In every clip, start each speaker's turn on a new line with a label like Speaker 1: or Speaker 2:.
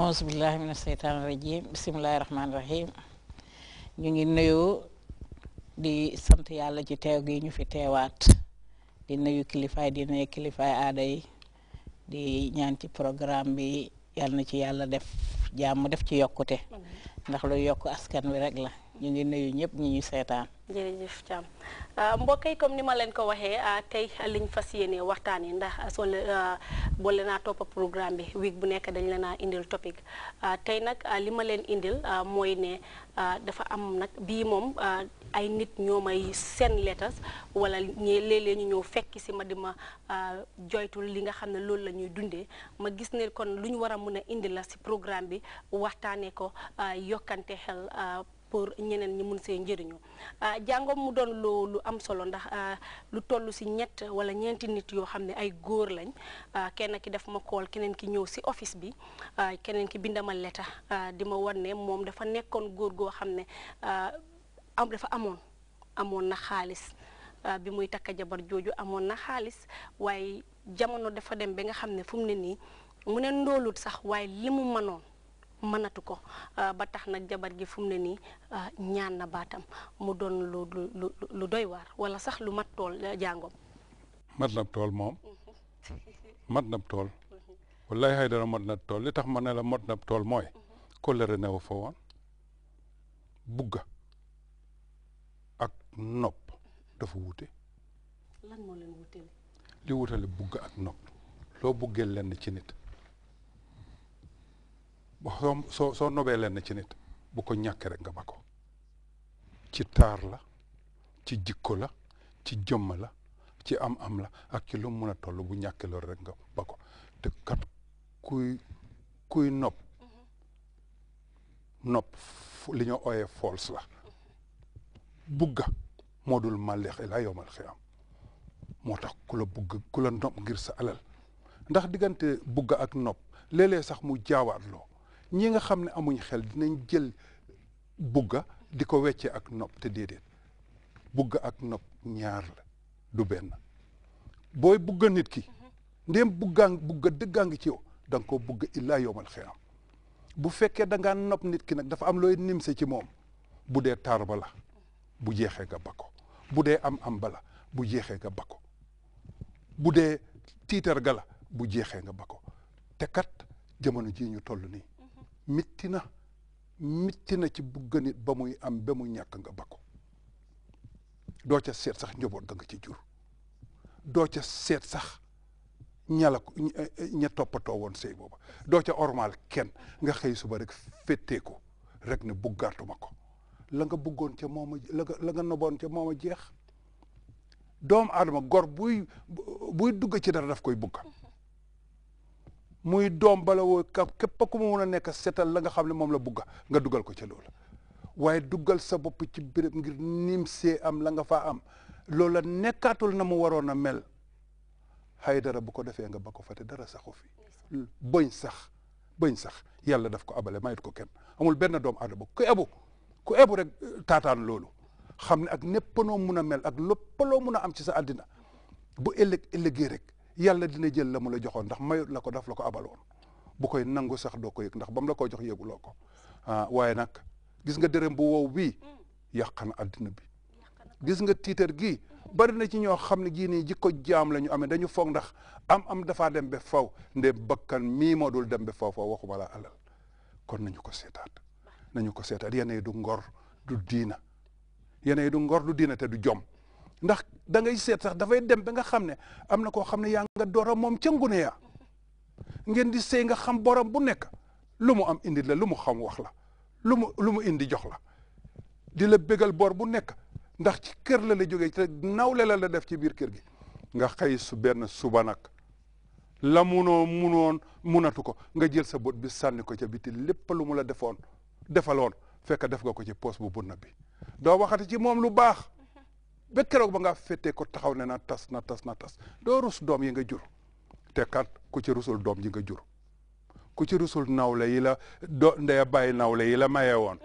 Speaker 1: auzu billahi mina seytaani rajim bisimilahi rahmaani rahim ñu ngi nuyu di sant yàlla ci teew gi ñu fi teewaat di nuyu kilifaay di nuyu kilifaay aada yi di ñaan ci programme bi yàlla ci yàlla def jàmm def ci yokkute ndax lu yokk askan wi rek la ñu ngi nuyu ñëpp ñi ñu seetaan.
Speaker 2: jërëjëf Thiam ah, mbokk yi comme ni ma leen ko waxee ah, tey liñ fas yéene waxtaan yi ndax soo ah, boole naa topp programme bi week bu nekk dañ leen a indil topic tey nag li ma leen indil mooy ne dafa am nag bii moom ay nit ñoo may seen letters wala ñee léeg ñu ñëw fekki si ma di ma joytul li nga xam ne loolu la ñuy dundee ma gis ne kon lu ñu war a mun a indil la si programme bi waxtaanee ko yokkante xel pour ñeneen ñi mun see njëriñu ah, jàngoom mu doon lu lu am solo ndax ah, lu toll si ñett wala ñeenti nit yoo xam ne ay góor lañ ah, kenn ki daf ma kool keneen ki ñëw si office bi keneen ki bindama leta di ma wan ne moom dafa nekkoon góor goo xam ne am dafa amoon amoon na xaalis bi muy takk jabar jooju amoon na xaalis waaye jamono dafa dem ba nga xam ne fu ne nii mu ne ndoolut sax waaye li mu mënoon mënatu ko euh, ba tax nag jabar gi fu ne nii euh, ñaan na baatam mu doon lu lu lu doy waar wala sax lu mat tool euh, jàngoom.
Speaker 3: mat na tool moom. mat na tool. wallahi Haydara mot na tool li tax ma ne la mot na tool mooy. kóllëre newu fa woon bugga ak nopp dafa wuute.
Speaker 2: lan moo leen wuuteel.
Speaker 3: li wuutale bugga ak nopp loo buggee lenn ci nit. soo soo soo nobee leen ci nit bu ko ñàkkee rek nga ba ko ci taar la ci jikko la ci jëmm la ci am-am la ak ci lu mun a toll bu ñàkkee loolu rek nga ba ko te kat kuy kuy nopp mm-hmm. nopp li ñoo ooyee false la bugga moo dul màlleex ilaa yowmal xiyaam moo tax ku la bugg ku la nopp ngir sa alal ndax diggante bugga ak nopp léeg sax mu jaawaat loo ñi nga xam ne amuñ xel dinañ jël bugga di ko wecce ak nopp te déedéet bugga ak nopp ñaar la du benn booy bugga nit ki ndéem buggaa bugga dëggaa ngi ci yow da nga koo bugga illaa yowmal xiyaam bu fekkee danga ngaa nopp nit ki nag dafa am looy nimse ci moom bu dee taar ba la bu jeexee nga bakko bu dee am am ba la bu jeexee nga bakko bu dee tiitar ga la bu jeexee nga bakko te kat jamono jii ñu toll nii mitti na mitti na ci bugg nit ba muy am ba mu ñàkk nga bakko doo ca seet sax njaboot ga nga ci jur doo ca seet sax ñala ko ña toppatoo woon sëy booba doo ca ormal kenn nga xëy suba rek féttee ko rek ne buggaatuma ko la nga bëggoon ca mooma la nga noboon ca mooma jeex doomu aadama gor buy buy dugg ci dara daf koy bugga muy doom bala woo ka képp ku mu mun a nekk seetal la nga xam ne moom la bugga nga dugal ko ca loolu waaye duggal sa bopp ci béréb ngir nim see am la nga faa am loolu loola nekkaatul na mu waroon a mel dara bu ko defee nga ba ko fate dara saxu fi bëñ sax bëñ sax yàlla daf ko abale mayut ko kenn amul benn doomu aadama ku ebu ku ebu rek euh, taataan loolu xam ne ak néppanoo mun a mel ak léppaloo mun a am ci sa àddina bu ëllëg ëllëgee rek yàlla dina jël la mu la joxoon ndax mayut la ko daf la ko abaloon bu koy nangu sax doo ko yëg ndax ba mu jox yëguloo ko ah waaye nag gis nga dërëm bu wow bii yàq na addina bi gis nga tiitar gi bari na ci ñoo xam ne gii nii jikko jaam la ñu amee dañu foog ndax am am dafaa dem be faw nde bakkan mii moo dul dem be faw faw waxuma la alal kon nañu ko seetaat nañu ko seetaat yeneen du ngor du diina yeneen du ngor du diina te du jom ndax da ngay seet sax dafay dem ba nga xam ne am na koo xam ne yaa nga door moom ca ngune yaa ngeen di sëy nga xam borom bu nekk lu mu am indi la lu mu xam wax la lu mu lu mu indi jox la di la bégal bor bu nekk ndax ci kër la la jógee te nawle la la def ci biir kër gi nga xëy su benn suba nag la munoo munoon munatu ko nga jël sa bët bi sànni ko ca biti lépp lu mu la defoon defaloon fekk def nga ko ci poos bu bunna bi doo waxati ci moom lu baax ba keroog ba nga fete ko taxaw ne na tas na tas na tas doo rus doom yi nga jur te kat ku ci rusul doom ji nga jur ku ci rusul nawle yi la do ndeya bàyyi nawle yi la mayee woon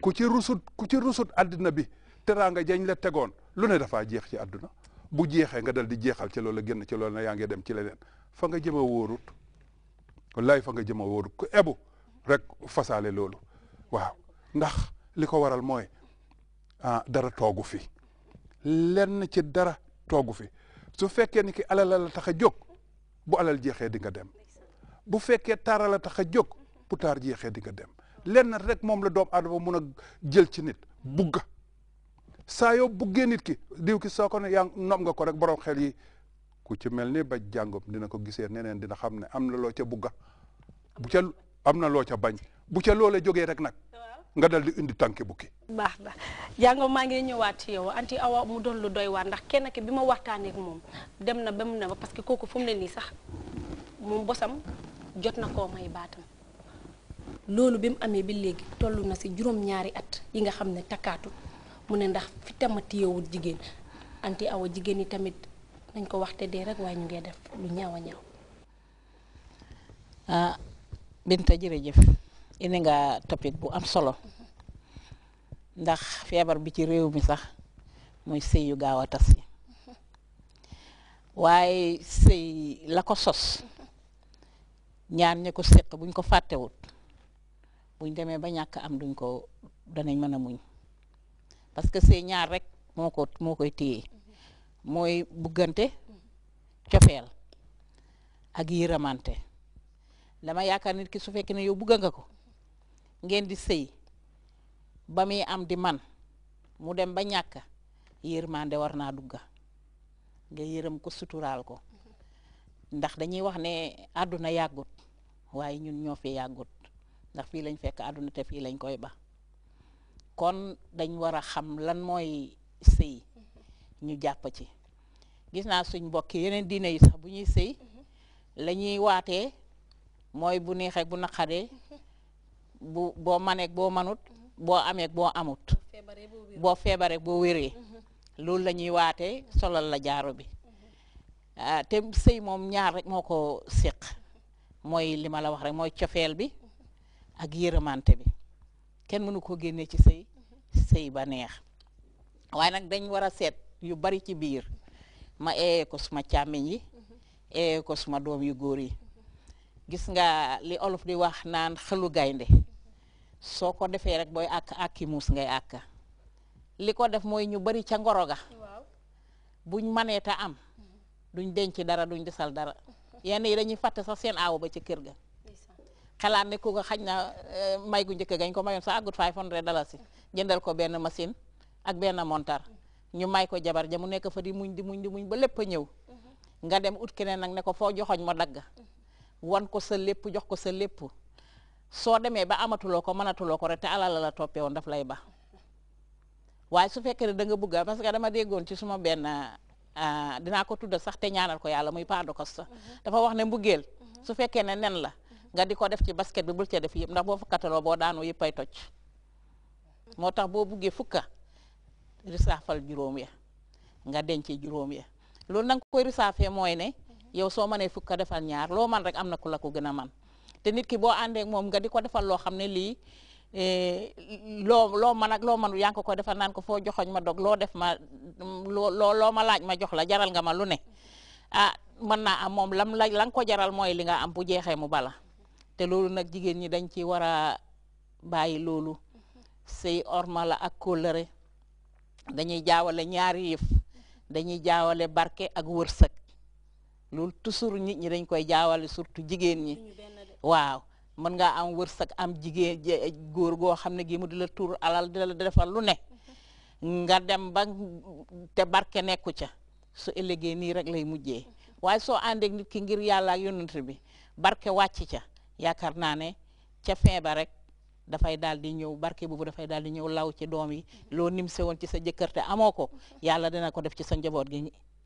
Speaker 3: ku ci rusut ku ci rusut àddina bi nga jañ le tegoon lu ne dafaa jeex ci àdduna bu jeexee nga dal di jeexal ci loolu génn ci loolu na yaa ngi dem ci leneen fa nga jëm a wóorut wallaay fa nga jëm a wóorut ku ebu rek fasaale loolu waaw ndax li ko waral mooy ah dara toogu fi lenn ci dara toogu fi su fekkee ni ki alal la tax a jóg bu alal jeexee di nga dem bu fekkee taara la tax a jóg bu taar jeexee di nga dem lenn rek moom la doomu aadama mun a jël ci nit bugga saa yoo buggee nit ki diw ki soo ko ne yaa nom nga ko rek borom xel yi ku ci mel ni ba jàngom dina ko gisee neneen dina xam ne am na loo ca bugga bu ca am na loo ca bañ bu ca loola jógee rek nag nga dal di indi tànke bukki
Speaker 2: baax na jàngo maa ngi ñëwaat ci yow anti awa mu doon lu doy waar ndax kenn ki bi ma waxtaanee ak moom dem na ba mu ne ma parce que kooku fu mu ne nii sax moom bosam jot na koo may baatam loolu bi mu amee bi léegi tollu na si juróom-ñaari at yi nga xam ne takkaatu mu ne ndax fi tama téyewul jigéen anti awa jigéen yi tamit nañ ko waxte dee rek waaye ñu ngee def lu ñaaw a ñaaw
Speaker 1: ah Binta jërëjëf indi nga topic bu am solo ndax feebar bi ci réew mi sax mooy sëy yu gaaw a tas yi waaye sëy la ko sos ñaar ña ko séq buñ ko fàttewut buñ demee ba ñàkk am duñ ko danañ mën a muñ parce que sëy ñaar rek moo ko moo koy téye mooy buggante cofeel ak yërëmante dama yaakaar nit ki su fekkee ne yow bugga nga ko ngeen di sëy ba muy am di man mu dem ba ñàkk yërmande war naa dugga nga yërëm ko suturaal ko ndax dañuy wax ne àdduna yàggut waaye ñun ñoo fi yàggut ndax fii lañ fekk àdduna te fii lañ koy ba kon dañ war a xam lan mooy sëy ñu jàpp ci gis naa suñ mbokki yeneen diine yi sax bu ñuy sëy lañuy ñuy waatee mooy bu neexee bu naqaree bu boo maneek boo manut boo ameek boo amut boo feebareek boo wéree loolu la ñuy waatee solal la jaaro bi ah, te sëy moom ñaar rek moo ko séq mooy li ma la wax rek mooy cofeel bi ak yërëmante bi kenn mënu ko génne ci sëy sëy ba neex waaye nag dañ war a seet yu bari ci biir ma eeyee ko suma càmmiñ yi eeyee ko suma doom yu góor yi gis nga li olof di wax naan xelu gaynde soo ko defee rek booy àkk àkki muus ngay àkk li ko def mooy ñu bari ca ngoro ga buñ manee ta am duñ denc dara duñ desal dara yenn yi dañuy fàtte sax seen aaw ba ca kër ga xalaat ne ku ko xaj na eh, may gu njëkk gañ ko mayoon sax àggut five hundred dalasi jëndal ko benn machine ak benn montar mm-hmm. ñu may ko jabar ja mu nekk fa di muñ di muñ di muñ ba lépp a ñëw mm-hmm. nga dem ut keneen nag ne ko foo joxoñ ma dagg mm-hmm. wan ko sa lépp jox ko sa lépp soo demee ba amatuloo ko mënatuloo ko rek te alal la toppee woon daf lay ba waaye su fekkee ne da nga bëgga parce que dama déggoon ci suma benn ah, dina ko tudda sax te ñaanal ko yàlla muy paado ko sax mhm. dafa wax ne mbugeel mhm. su fekkee ne nen la mhm. nga di ko def ci basket bi bul ca def yëpp ndax boo fukkataloo boo daanu yëpp toj moo tax boo buggee fukka risaafal juróom ya nga denc juróom ya loolu nanga koy risaafee mooy ne yow soo mënee fukk defal ñaar loo man rek am na ku la ko gën a man te nit ki boo àndee ak moom nga di ko defal loo xam ne lii eh, loo loo man ak loo manu yaa ngi ko ko defal naan ko foo joxoñ ma dog loo def ma loo loo ma laaj ma jox la jaral nga ma lu ne ah mën naa am moom lam la la nga ko jaral mooy li nga am bu jeexee mu bala te loolu nag jigéen ñi dañ ci war a bàyyi loolu sëy orma la ak kóllëre dañuy jaawale ñaari yëf dañuy jaawale barke ak wërsëg loolu toujours nit ñi dañ koy jaawale surtout jigéen ñi waaw mën nga am wërsëg am jigéen góor goo xam ne gii mu di la tuur alal di la defal lu ne nga dem ba te barke nekku ca su ëllëgee nii rek lay mujjee waaye soo àndeek nit ki ngir yàlla ak yonent bi barke wàcc ca yaakaar naa ne ca feeba rek dafay daal di ñëw barke boobu dafay daal di ñëw law ci doom yi loo nimse woon ci sa jëkkër amoo ko yàlla dina ko def ci sa njaboot gi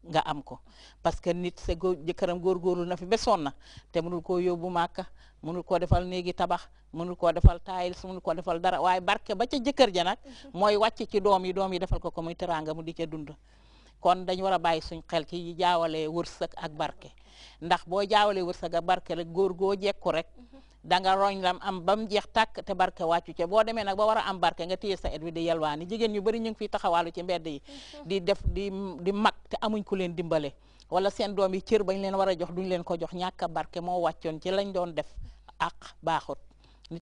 Speaker 1: nga am ko parce que nit sa góor jëkkëram góorgóorlu na fi ba sonn na te mënul koo yóbbu màkka mënul koo defal néegi tabax mënul koo defal taayils mënul ko defal dara waaye barke ba ca jëkkër ja nag mhm. mooy wàcc ci doom yi doom yi defal ko ko muy teraanga mu di ca dund kon dañu war a bàyyi suñ xel ki yi jaawalee wërsëg ak barke ndax boo jaawalee wërsëg ak barke rek góor goo jekku rek danga roñ lam am ba mu jeex tàkk te barke wàccu ca boo demee nag ba war a am barke nga téye sa et bi di yalwaani jigéen ñu bari ñu ngi fiy taxawaalu ci mbedd yi di def di di mag te amuñ ku leen dimbale wala seen doom yi cër bañ leen war a jox duñ leen ko jox ñàkk barke moo wàccoon ci lañ doon def ak baaxut